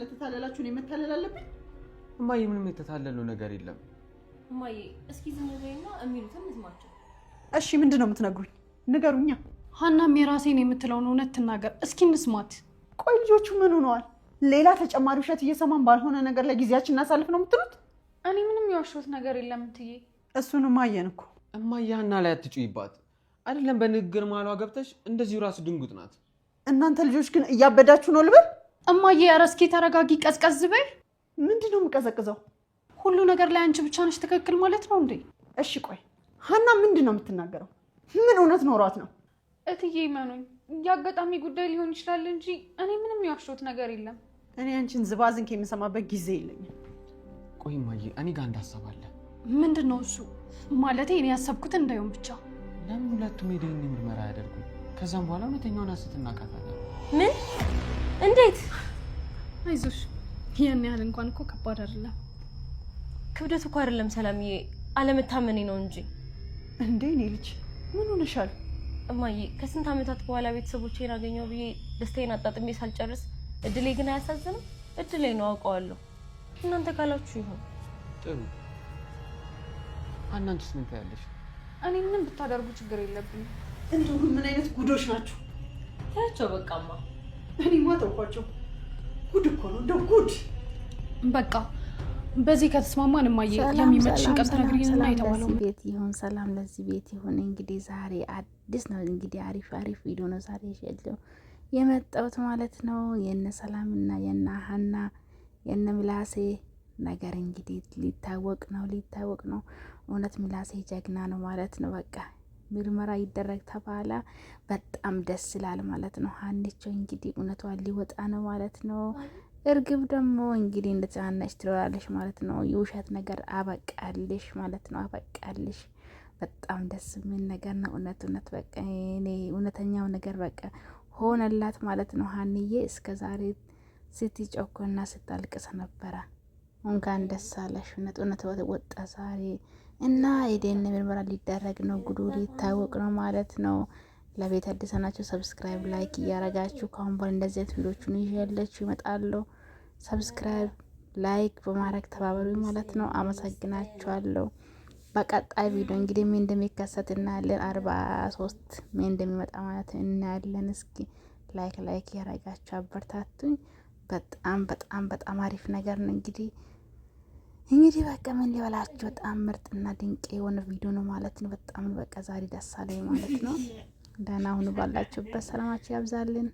ስለተታለላችሁ ነው የመታለል አለብኝ? እማዬ ምንም የተታለልነው ነገር የለም። እማዬ እስኪ ዝም በይና የሚሉትን እንስማቸው። እሺ ምንድን ነው የምትነግሩኝ? ንገሩኛ። ሀናም የራሴን የምትለውን እውነት ትናገር እስኪ እንስማት። ቆይ ልጆቹ ምን ሆነዋል? ሌላ ተጨማሪ ውሸት እየሰማን ባልሆነ ነገር ላይ ጊዜያችን እናሳልፍ ነው የምትሉት? እኔ ምንም የዋሸሁት ነገር የለም እትዬ። እሱን እማየን እኮ እማዬ፣ ሀና ላይ አትጩይባት። አይደለም በንግግር ማሏ ገብተሽ እንደዚሁ ራሱ ድንጉጥ ናት። እናንተ ልጆች ግን እያበዳችሁ ነው ልበል እማዬ ኧረ እስኪ ተረጋጊ፣ ቀዝቀዝ በይ። ምንድን ነው የምቀዘቅዘው? ሁሉ ነገር ላይ አንቺ ብቻ ነሽ ትክክል ማለት ነው እንዴ? እሺ ቆይ ሀና ምንድን ነው የምትናገረው? ምን እውነት ኖሯት ነው? እትዬ ይመኑኝ፣ የአጋጣሚ ጉዳይ ሊሆን ይችላል እንጂ እኔ ምንም የዋሸሁት ነገር የለም። እኔ አንቺን ዝባዝንክ የምሰማበት ጊዜ የለኝም። ቆይ እማዬ፣ እኔ ጋር አንድ ሀሳብ ምንድን ነው እሱ? ማለቴ እኔ ያሰብኩት እንዳይሆን ብቻ። ለምን ሁለቱም ሄደን ምርመራ ያደርጉ? ከዛም በኋላ እውነተኛውን ሀሰት እናቃታለን። ምን? እንዴት? አይዞሽ፣ ያን ያህል እንኳን እኮ ከባድ አይደለም። ክብደት እኮ አይደለም ሰላምዬ፣ አለመታመኔ ነው እንጂ። እንዴ እኔ ልጅ ምን ሆነሻል? እማዬ፣ ከስንት ዓመታት በኋላ ቤተሰቦቼን አገኘሁ ብዬ ደስታዬን አጣጥሜ ሳልጨርስ እድሌ ግን አያሳዝንም? እድሌ ነው አውቀዋለሁ። እናንተ ካላችሁ ይሁን። ጥሩ። አናንቺስ ምን ታያለሽ? እኔ ምንም ብታደርጉ ችግር የለብኝ። እንደው ምን አይነት ጉዶች ናችሁ! ታያቸው በቃማ። እኔማ ተውኳቸው። ጉድ እኮ ነው እንደ ጉድ። በቃ በዚህ ከተስማማን እማዬ የሚመችሽን ቀን ትነግሪኝና የተባለው ቤት ይሁን። ሰላም ለዚህ ቤት ይሁን። እንግዲህ ዛሬ አዲስ ነው እንግዲህ አሪፍ አሪፍ ቪዲዮ ነው ዛሬ ይዤለው የመጣሁት ማለት ነው። የነ ሰላምና የነ ሀና የነ ምላሴ ነገር እንግዲህ ሊታወቅ ነው ሊታወቅ ነው። እውነት ምላሴ ጀግና ነው ማለት ነው በቃ ምርመራ ይደረግ ተባለ። በጣም ደስ ይላል ማለት ነው። ሀንቸው እንግዲህ እውነቷ ሊወጣ ነው ማለት ነው። እርግብ ደግሞ እንግዲህ እንደተናነች ትለዋለሽ ማለት ነው። የውሸት ነገር አበቃልሽ ማለት ነው። አበቃልሽ በጣም ደስ የሚል ነገር ነው። እውነት እውነት በቃ እኔ እውነተኛው ነገር በቃ ሆነላት ማለት ነው። ሀንዬ እስከ ዛሬ ስትጮኮና ስታልቅስ ነበረ። እንኳን ደስ አለሽ። እውነት እውነት ወጣ ዛሬ እና የዲኤንኤ ምርመራ ሊደረግ ነው። ጉዱ ሊታወቅ ነው ማለት ነው። ለቤት አዲስ ናቸው። ሰብስክራይብ፣ ላይክ እያረጋችሁ ከአሁን በኋላ እንደዚህ አይነት ቪዲዮችን ይዤላችሁ እመጣለሁ። ሰብስክራይብ፣ ላይክ በማድረግ ተባበሩ ማለት ነው። አመሰግናችኋለሁ። በቀጣይ ቪዲዮ እንግዲህ ምን እንደሚከሰት እናያለን። አርባ ሶስት ምን እንደሚመጣ ማለት እናያለን። እስኪ ላይክ ላይክ እያረጋችሁ አበርታቱኝ። በጣም በጣም በጣም አሪፍ ነገር ነው እንግዲህ እንግዲህ በቃ ምን ሊበላችሁ በጣም ምርጥና ድንቅ የሆነ ቪዲዮ ነው ማለት ነው። በጣም በቃ ዛሬ ደስ አለኝ ማለት ነው። ደህና ሁኑ፣ ባላችሁበት ሰላማችሁ ያብዛልን።